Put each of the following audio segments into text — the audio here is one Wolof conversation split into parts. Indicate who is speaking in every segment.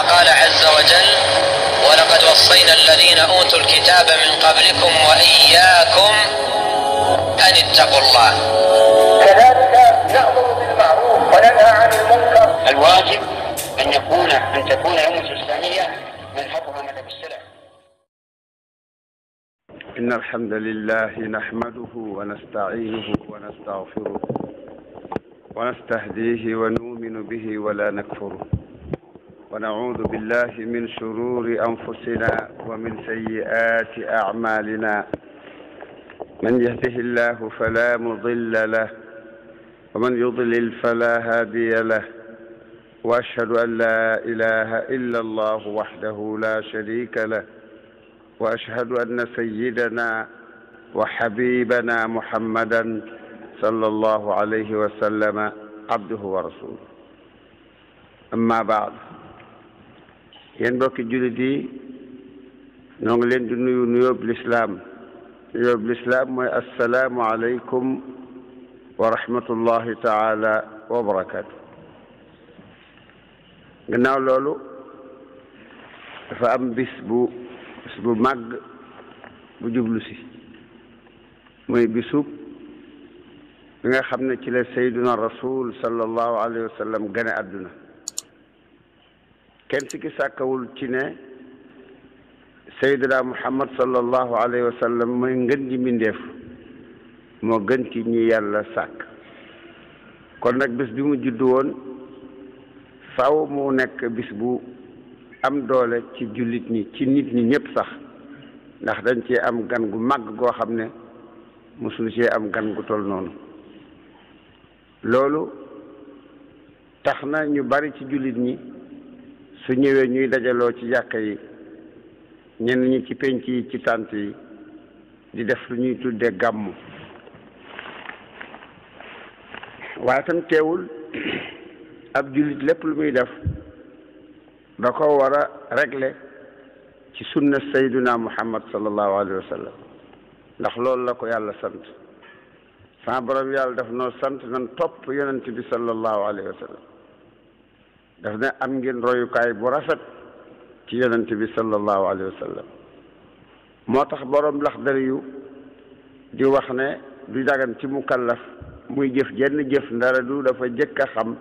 Speaker 1: قال عز وجل ولقد وصينا الذين أوتوا الكتاب من قبلكم وإياكم أن اتقوا الله كذلك نأمر بالمعروف وننهى عن المنكر الواجب أن يكون أن تكون أمة إسلامية منهجها مذهب السلف إن الحمد لله نحمده ونستعينه ونستغفره ونستهديه ونؤمن به ولا نكفره ونعوذ بالله من شرور أنفسنا ومن سيئات أعمالنا من يهده الله فلا مضل له ومن يضلل فلا هادي له وأشهد أن لا إله إلا الله وحده لا شريك له وأشهد أن سيدنا وحبيبنا محمدا صلى الله عليه وسلم عبده ورسوله أما بعد yéen mbokki jullit yi ñoo ngi leen di nuyu nuyóob lislaam nuyóob lislaam mooy assalaamu aleykum wa rahmatullahi taala wa barakaatu gannaaw loolu dafa am bis bu bis bu màgg bu jublu si muy bisub bi nga xam ne ci la sayduna rasul sallallahu alayhi wa sallam gane àdduna kenn si ki sàkkawul ci ne sayyidina muhammad sallallahu alayhi wa sallam mooy ngën ji mbindeef moo gën ci ñi yàlla sàkk kon nag bis bi mu judd woon saw mu nekk bis bu am doole ci jullit ñi ci nit ñi ñëpp sax ndax dañ cee am gan gu màgg goo xam ne mosul cee am gan gu tol noonu loolu tax na ñu bari ci jullit ñi su ñëwee ñuy dajaloo ci jàkka yi ñenn ñi ci penc yi ci tànt yi di def lu ñuy tuddee gàmmu waaye tam teewul ab jullit lépp lu muy def da ko war a régler ci sunna sayduna muhammad sallallahu alayhi wa sallam ndax loolu la ko yàlla sant sama borom yàlla def noo sant nan topp yonent bi sallallahu alayhi wa sallam daf ne am ngeen royukaay bu rafet ci yonent bi sallallahu alayhi wa sallam moo tax boroom laxdari yu di wax ne du dagan ci mukallaf muy jëf jenn jëf ndara du dafa jëkk a xam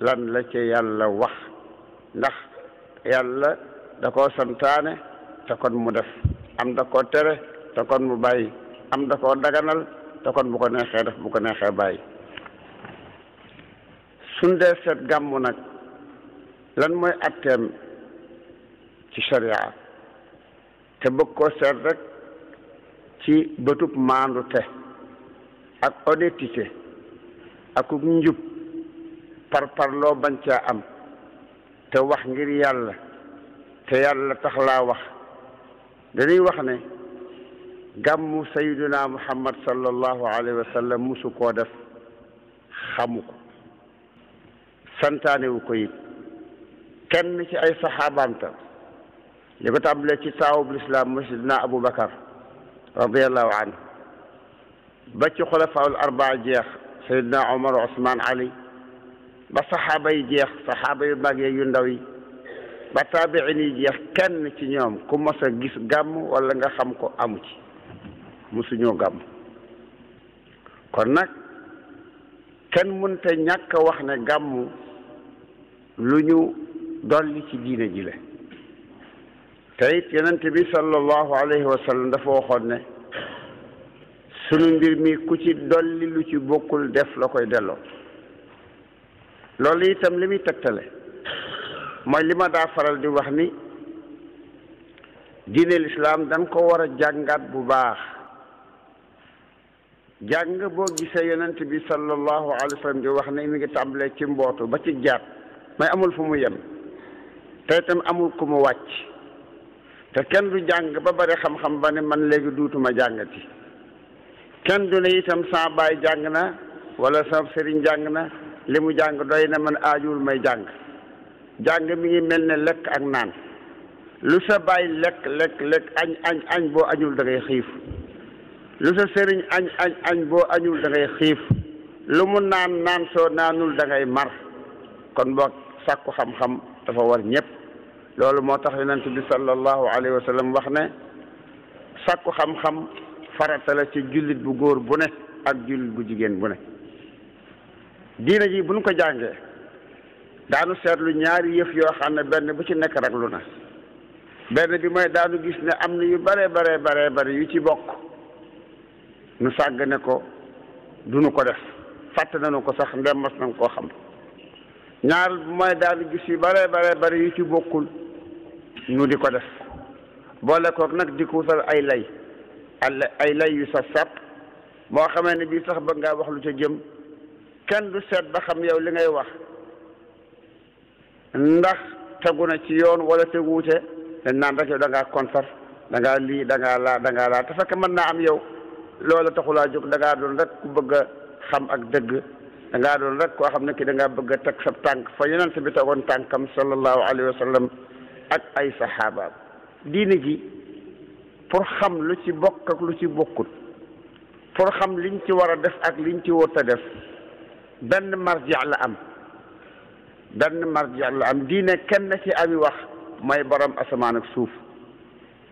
Speaker 1: lan la ca yàlla wax ndax yàlla da koo santaane te kon mu def am da koo tere te kon mu bàyyi am da koo daganal te kon bu ko neexee def bu ko neexee bàyyi suñ dee gàmmu nag lan mooy atteem ci sharia te bëgg koo seet rek ci bëtub maandu te ak honnêteté akub njub par parloo bañ caa am te wax ngir yàlla te yàlla tax laa wax dañuy wax ne gàmmu sayyiduna muhammad sallallahu alayhi wa sallam musu koo def xamu ko santaanewu ko it كان شي اي صحابان تا ليكو تابلي شي ساو بالاسلام مسيدنا ابو بكر رضي الله عنه باتي خلفاء الاربع جيخ سيدنا عمر عثمان علي با صحابي جيخ صحابي باغي يو نداوي با تابعين جيخ كان شي نيوم كو مسا غيس غام ولا nga xam ko amu ci musuñu gam kon nak kan munte ñak wax ne gam luñu dolli ci diine ji la te it yonent bi sallallahu alayhi wa sallam dafa waxoon ne sunu mbir mi ku ci dolli lu ci bokkul def la koy delloo loolu itam li muy tegtale mooy li ma daa faral di wax ni diine lislaam dañ ko war a jàngaat bu baax jàng boo gisee yonent bi sallallahu alayhi wa sallam di wax ne mi ngi tàmbalee ci mbootu ba ci jaat may amul fu mu yem te itam amul ku mu wàcc te kenn du jàng ba bari xam-xam ba ne man léegi duutuma jàngati kenn du ne itam sa baay jàng na wala sa sëriñ jàng na li mu jàng doy na man aajuwul may jàng jàng mi ngi mel ne lekk ak naan lu sa baay lekk lekk lekk añ añ añ boo añul da xiif lu sa sëriñ añ añ añ boo añul da xiif lu mu naan naan soo naanul dangay mar kon boo sàkku xam-xam dafa war ñépp loolu moo tax yonent bi sallallahu alayhi wa sallam wax ne sàkku xam-xam farata la ci jullit bu góor bu ne ak jullit bu jigéen bu ne diina ji buñ ko jàngee daanu seetlu ñaari yëf yoo xam ne benn bu ci nekk raglu na benn bi mooy daanu gis ne am na yu bare bare bare bare yu ci bokk nu sàgg ne ko duñu ko def fàtte nañu ko sax ndem mas nañ koo xam ñaar bu daal gis yu bare bare bare yu ci bokkul ñu di ko def boo kook nag di ko wutal ay lay ay lay yu saf sàpp boo xamee ne bii sax bëgg ngaa wax lu ca jëm kenn du seet ba xam yow li ngay wax ndax tegu na ci yoon wala te wuute dañ naan rek yow da ngaa kontar da ngaa lii da ngaa laa da laa te fekk mën naa am yow loola taxulaa jóg da ngaa doon rek ku bëgg a xam ak dëgg na ngaa doon rek koo xam ne ki da ngaa bëgg a teg sa tànk fa yonent bi tegoon tànkam sallallahu alayhi wa sallam ak ay saxaabaam diine ji pour xam lu ci bokk lu ci bokkut pour xam liñ ci war a def ak liñ ci wut a def benn marja la am benn marja la am diine kenn ci ami wax may borom asamaan ak suuf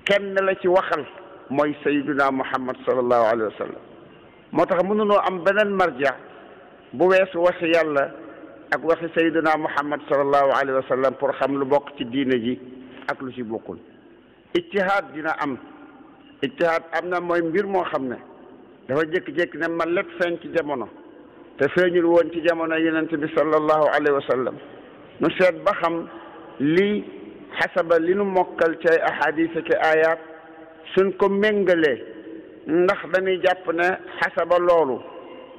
Speaker 1: kenn la ci waxal mooy sayyiduna muhammad sallallahu alayhi wa sallam moo tax mënunoo am beneen marja bu wessu waxi yàlla ak waxi sayyidina muhammad sallallahu alaihi wasallam pour xam lu bok ci diine ji ak lu ci bokul ittihad dina am ittihad amna moy mbir mo xamne dafa jek jek ne ma lépp feñ ci jamono te feñul won ci jamono yonent bi sallallahu alaihi wasallam sallam nu seet ba xam li حسب mokkal موكل تي احاديث تي ايات suñ منغلي méngalee ndax dañuy jàpp ne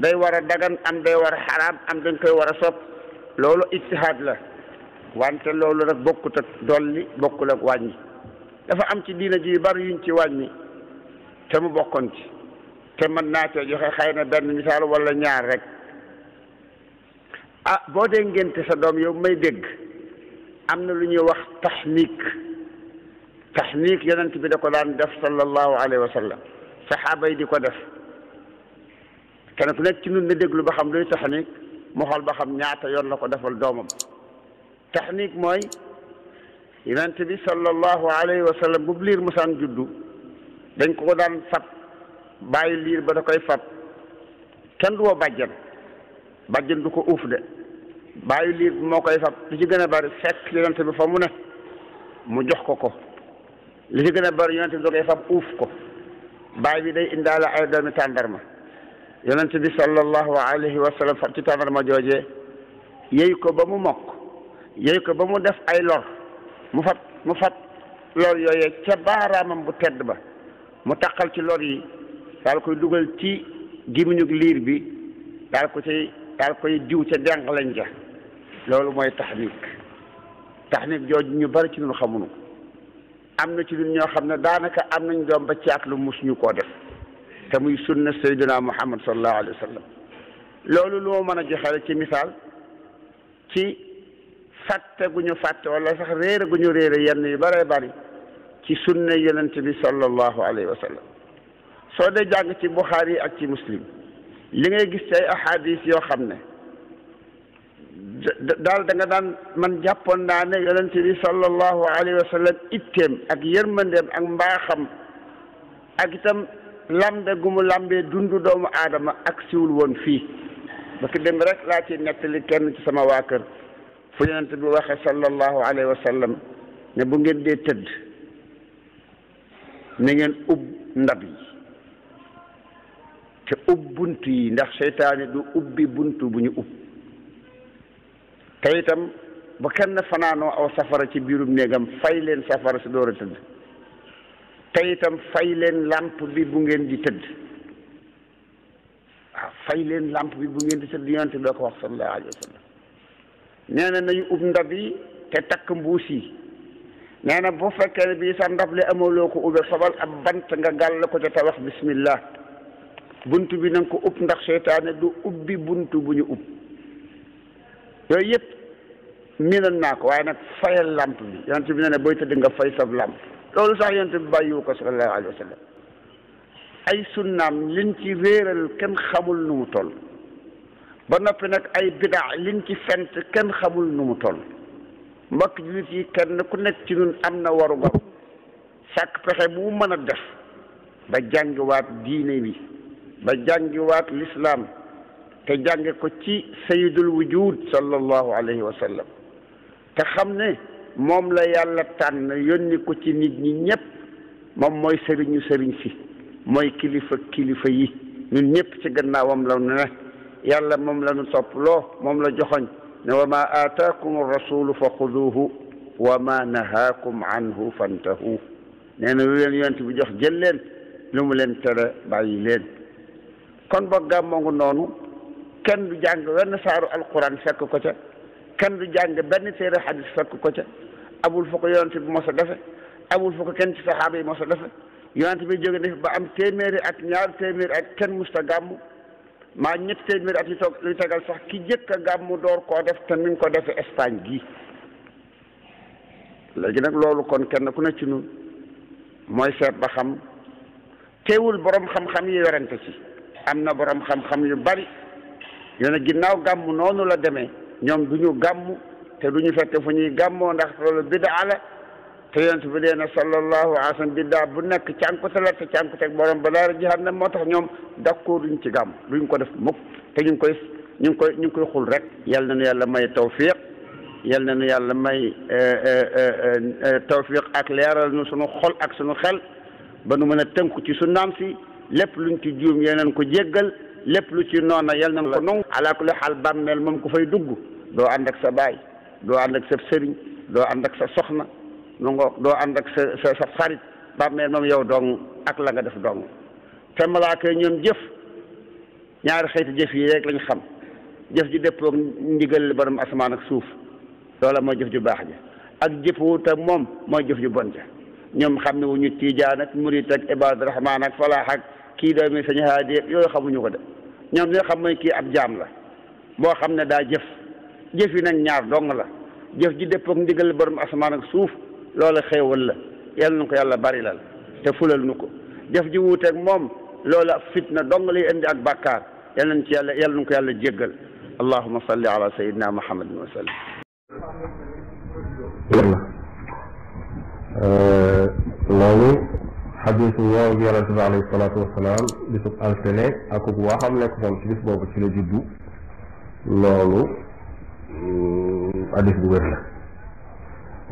Speaker 1: day war a dagan am day war a xaraam am dañ koy war a sopp loolu ijtihaad la wante loolu nag bokkut ak dolli bokkul ak wàññi dafa am ci diina ji yu bari yuñ ci wàññi te mu bokkoon ci te mën naa cee joxe xay na benn misaal walla ñaar rek ah boo dee ngénte sa doom yow may dégg am na lu ñuy wax taxniik taxniik yonent bi da ko daan def sallallahu alayhi wa sallam saxaaba yi di ko def kenn nekk ci ñun na déglu ba xam luy taxniik mu ñaata yoon la ko defal doomam mooy yonent bi sallallahu alayhi wa sallam bu liir mu musaan juddu dañ ko daan fat bàyyi liir ba da koy fat kenn du woo bàjjan bàjjan du ko uuf de bàyyi liir bi moo koy fat lu ci gën a bari fekk yonent bi fa mu ne mu jox ko ko li ci gën a bari yonent bi da koy fab uuf ko bàyyi bi day indaale ay doomi tàndarma yonent bi sallallahu alayhi wa sallam fab ci ma jooje yey ko ba mu mokk yey ko ba mu def ay lor mu fat mu fat lor yooyee ca baaraamam bu tedd ba mu taqal ci lor yi daal koy dugal ci gémmiñu liir bi daal ko ci daal koy diw ca denq lañ ja loolu mooy taxniik taxniik jooju ñu bari ci ñun xamuñu am na ci ñun ñoo xam ne daanaka am nañ doom ba caat lu mus ñu koo def كمي سنة سيدنا محمد صلى الله عليه وسلم لولو لو ما نجحل كي مثال كي فتة قنو فتة ولا سخ رير قنو رير يعني باري باري كي سنة ينتبه صلى الله عليه وسلم سودة جانك كي بخاري أكي مسلم لنجي جسي أحاديث يو خمنا dal da nga dan man jappon na ne yaronte bi sallallahu alaihi wasallam ittem ak yermandem ak mbaxam ak lambe gu mu lambee dundu doomu aadama ak siwul woon fii ba ki dem rek laa ci nettali kenn ci sama waa kër fu yonent bi waxee sallallahu alayhi wa sallam ne bu ngeen dee tëdd na ngeen ubb ndab yi te ub bunt yi ndax seytaane du ubbi bunt bu ñu ubb te itam ba kenn fanaanoo aw safara ci biirum néegam fay leen safara si door a tëdd tey itam fay leen làmp bi bu ngeen di tëdd waaw fay leen làmp bi bu ngeen di tëdd yonent bi doo ko wax sallallahu alayhi wa sallam nee nañu ub ndab yi te takk mbuus yi nee na bu fekkee ne bii sax ndab li amaloo ko ube fabal ab bant nga gàll ko ca te wax bismillah bunt bi na ko ub ndax seytaane du ubbi bunt bu ñu ub yooyu yëpp miinan naa ko waaye nag fayal làmp bi yonent bi nee na booy tëdd nga fay sab làmp loolu sax yonent bi bàyyiwu ko sallallahu alayhi wa sallam ay sunnaam liñ ci réeral kenn xamul nu mu toll ba noppi nag ay bidaa liñ ci fent kenn xamul nu mu toll mbokk jullit yi kenn ku nekk ci ñun am na waru gar sàkk pexe bu mu mën a def ba jàngiwaat diine bi ba jàngiwaat lislaam te jànge ko ci sayidul wujud sallallahu alayhi wa sallam te xam ne moom la yàlla tànn yónni ko ci nit ñi ñépp moom mooy sëriñu sëriñ si mooy kilifa kilifa yi ñun ñépp ci gannaawam la nu ne yàlla moom la nu topp loo moom la joxoñ ne wa ma aataakum rasulu fa xuduuhu wa ma nahaakum anhu fantahu nee na lu leen yonent bi jox jël leen lu mu leen tere bàyyi leen kon ba gàmmoo noonu kenn du jàng wenn saaru alquran fekk ko ca kenn du jàng benn téere xadis fekk ko ca amul foo ko yonent bi mos a defe amul fu ko kenn ci saxaaba yi mos a defe yonent bi jóge na fi ba am téeméeri ak ñaar téeméeri ak kenn musta gàmm maa ñetti téeméeri ak yu toog luy tegal sax ki jëkk a gàmm door koo def te ni nga ko defee Espagne gi léegi nag loolu kon kenn ku ne ci nun mooy seet ba xam teewul borom xam-xam yi werante ci am na boroom xam-xam yu bari yone ginnaaw gàmm noonu la demee ñoom du ñu gàmm te du ñu fekk fu ñuy gàmmoo ndax loolu bidaa la te yonent bi dee na sallallahu alayhi wa sallam bidaa bu nekk cànkute la te cànkute borom ba daara jahannam moo tax ñoom d'accord ñu ci gàmm ñu ko def mukk te ñu ngi koy ñu ngi koy ñu koy xul rek yal na nu yàlla may tawfiq yal na nu yàlla may eh, eh, eh, tawfiq ak leeral nu sunu xol ak sunu xel ba nu mën a tënku ci su naam si lépp luñ ci juum yeneen ko jéggal lépp lu ci noona yal na ko nongu alaa kulli xaal bàmmeel moom ku fay dugg doo ànd sa baay doo ànd ak sa sëriñ doo ànd ak sa soxna nu doo ànd ak sa sa sa xarit bàmmeel moom yow dong ak la def dong te malaaka yi ñoom jëf ñaari xeeti jëf yi rek lañ xam jëf ji dëppoog ndigal borom asamaan ak suuf loola mooy jëf ju baax ja ak jëf moom mooy jëf ju bon ja ñoom xam ne wu ñu tiijaan ak murit ak ibaadu rahmaan ak falaax ak kii doomi sañ haadi yooyu xamuñu ko de ñoom li xam mooy kii ab jaam la boo xam ne daa jëf jëf yi nag ñaar dong la jëf ji dëppook ndigal borom asamaan ak suuf loola xéewal la yal na ko yàlla bari lal te fulal nu ko jëf ji wuuteeg moom loola fitna dong lay indi ak bàkkaar yal na ko yàlla jéggal allahuma salli ala sayidina muhammadin wa
Speaker 2: loolu xadiis woowu bi yonente bi alayhi salaatu wasalaam bisub moom ci bis boobu ci la juddu loolu addis bu wér la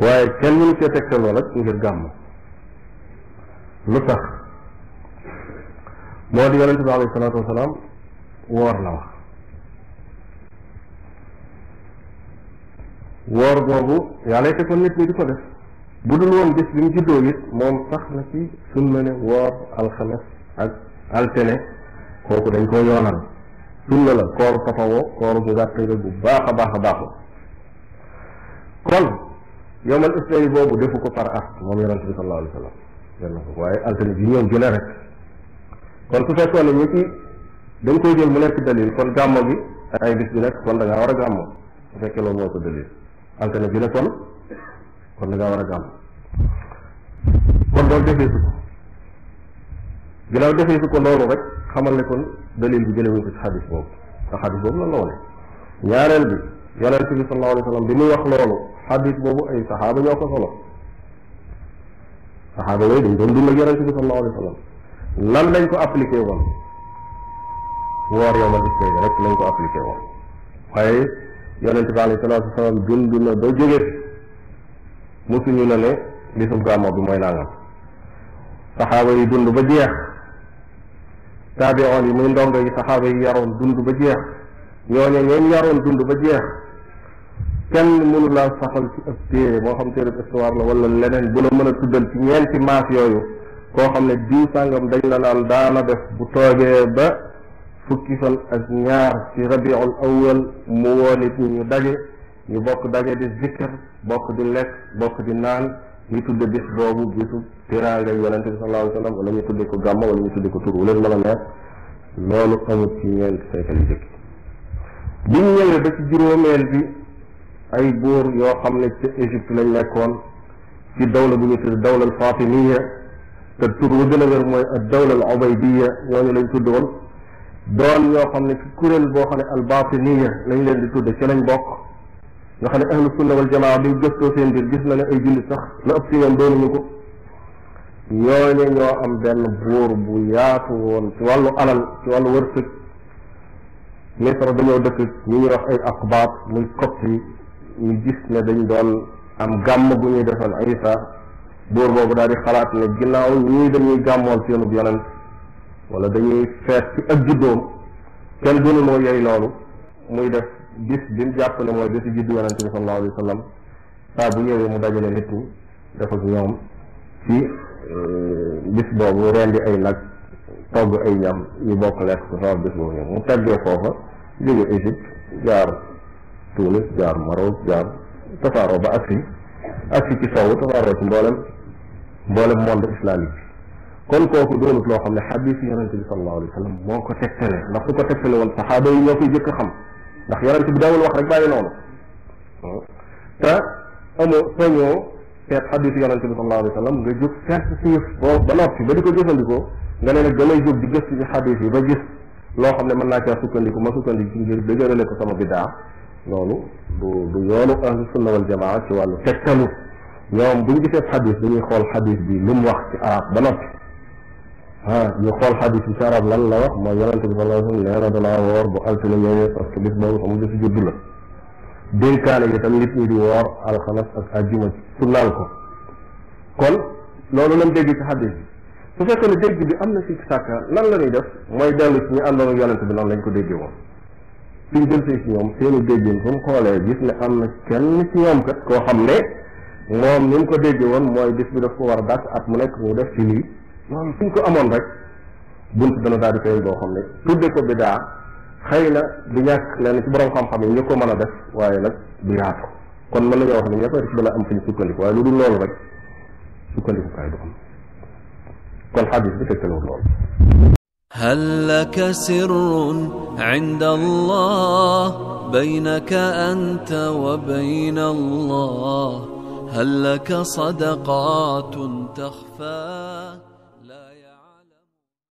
Speaker 2: waaye kenn mënu cee tegtaloo nag ngir gàmm lu tax moo di yonente bi alayhi salaatu wasalaam woor la wax woor boobu yàlla fekkoon nit ñi di ko def bu dul woon bis bi mu juddoo it moom sax na ci sunna ne woor alxames ak altene kooku dañ koo yoonal sunna la kooru tatawoo kooru gu gàtt la bu baax a baax a baax la kon yowmal isnaini boobu defu ko par at moom yonente bi sallallahu alayhi wa sallam jël na ko waaye altine bi ñëw jële rek kon su fekkoon ne ñi ci dañ koy jël mu nekk dalil kon gàmmo gi ay bis bi nekk kon da ngaa war a gàmmo su fekkee ko dalil altine bi ne kon kon da ngaa war a gàmm kon loolu defee su ko ginnaaw defee su ko loolu rek xamal ne kon dalil bi jëlewuñ ko ci xadis boobu la wane ñaareel bi yonente bi sallallahu alayhi wa sallam bi muy wax loolu xadis boobu ay saxaaba ñoo ko solo saxaaba yooyu dañ doon dund ak yonente bi sallallahu alayhi wa sallam lan lañ ko appliqué woon woor yowmal isbayda rek lañ ko appliqué woon waaye yonente bi alayhi salatu wasalam bi mooy saxaaba yi dund ba taabiroon yi muy ndongo yi saxaaba yaroon dund ba jeex ñooñu ñooñu yaroon dund ba jeex kenn mënu laa saxal ci ab téere moo xam téere histoire la wala leneen bu la mën a tuddal ci ti maas yooyu koo xam ne diw sàngam dañ la naan daana def bu tooge ba fukki fan ak ñaar ci rabiul mu woo nit ñi ñu daje bokk daje di zikkar bokk di lekk bokk di naan ñuy tudde bis boobu bisu tiraangay yonente bi sallallahu alayhi wa sallam wala ñu tudde ko gàmma wala ñu tudde ko tur wu leen mën a neex loolu amut ci ñeenti siècle yu jëkk bi ñu ñëwee ba ci juróomeel bi ay buur yoo xam ne ca Égypte lañ nekkoon ci dawla bu ñu tudd dawla al fatimiya te tur wa gën a wér mooy ad dawla al ubaydiya ñooñu lañ tudd woon doon ñoo xam ne ci kuréel boo xam ne al batiniya lañ leen di tudde ci lañ bokk nga xam ne ahlu sunna wal jamaa bi gëstoo seen biir gis na ne ay jullit sax la ëpp si ñoom doonuñu ko ñooñe ñoo am benn buur bu yaatu woon ci wàllu alal ci wàllu wërsëg misra dañoo dëkk ñu ñu wax ay aqbaat muy copt yi ñu gis ne dañ doon am gàmm bu ñuy defal isa buur boobu daal di xalaat ne ginnaaw ñii dañuy gàmmool seenub yonent wala dañuy fees ci ak juddoom kenn gënu moo yey loolu muy def bis bi mu jàpp ne mooy bésu jiddu yonent bi sallallahu alayhi wa sallam saa bu ñëwee mu dajale nitu ñi def ak ñoom ci bis boobu rendi ay nag togg ay ñam yu bokk lekk ko sama bis boobu ñoom mu teggee foofa jóge Égypte jaar Tunis jaar Maroc jaar tasaaroo ba agsi agsi ci sowwu tasaaroo ci mboolem mboolem monde islamique bi kon kooku doonut loo xam ne xadiis yonente bi sallallahu alayhi wa sallam moo ko tegtale ndax ku ko tegtale woon saxaaba yi ñoo koy jëkk xam ndax yonent bi daawul wax rek bàyyi noonu te amoo sañoo seet xadiis yonent bi sallallahu alayhi wa sallam nga jóg seet si ba noppi jëfandikoo nga ne nag damay jóg ba gis loo xam ne mën naa caa sukkandiku ma sukkandiku ngir dëgërale ko sama bi daa du du yoonu ahlu sunna wal jamaa ci wàllu bi ñoom buñ gisee xadiis dañuy xool xadiis bi lu mu wax aa arab ba noppi ah ñu xool xadis bi ci arab lan la wax mooy yonente bi sallallahu alayhi wa sallam nee danaa woor bu altine ñëwee parce que bis boobu xamul bisu juddu la dénkaane yi tam nit ñi di woor alxames ak ajjuma sunnaal ko kon loolu lañ dégg ci xadis bi su fekkee ne dégg bi am na si sàkka lan la ñuy def mooy dellu ci ñu na ak yonente bi noonu lañ ko déggee woon suñ deltee si ñoom seeni déggin suñ xoolee gis ne am na kenn ci ñoom kat koo xam ne moom ni mu ko déggee mooy bis bi daf ko war a dàkk at mu nekk mu def ci loolu suñ ko amoon rek bunt dana daal di feeñ boo xam ne tudde ko bidaa xëy na du ñàkk lenn ci borom xam-xam yi ñu ko mën a def waaye nag du yaatu kon mën nañoo wax ne ña koy def dana am fu ñu sukkandiku waaye lu dul loolu rek sukkandikukaay du am kon xadis bi tegtalewul loolu هل لك سر عند الله بينك أنت وبين الله هل لك صدقات
Speaker 1: تخفى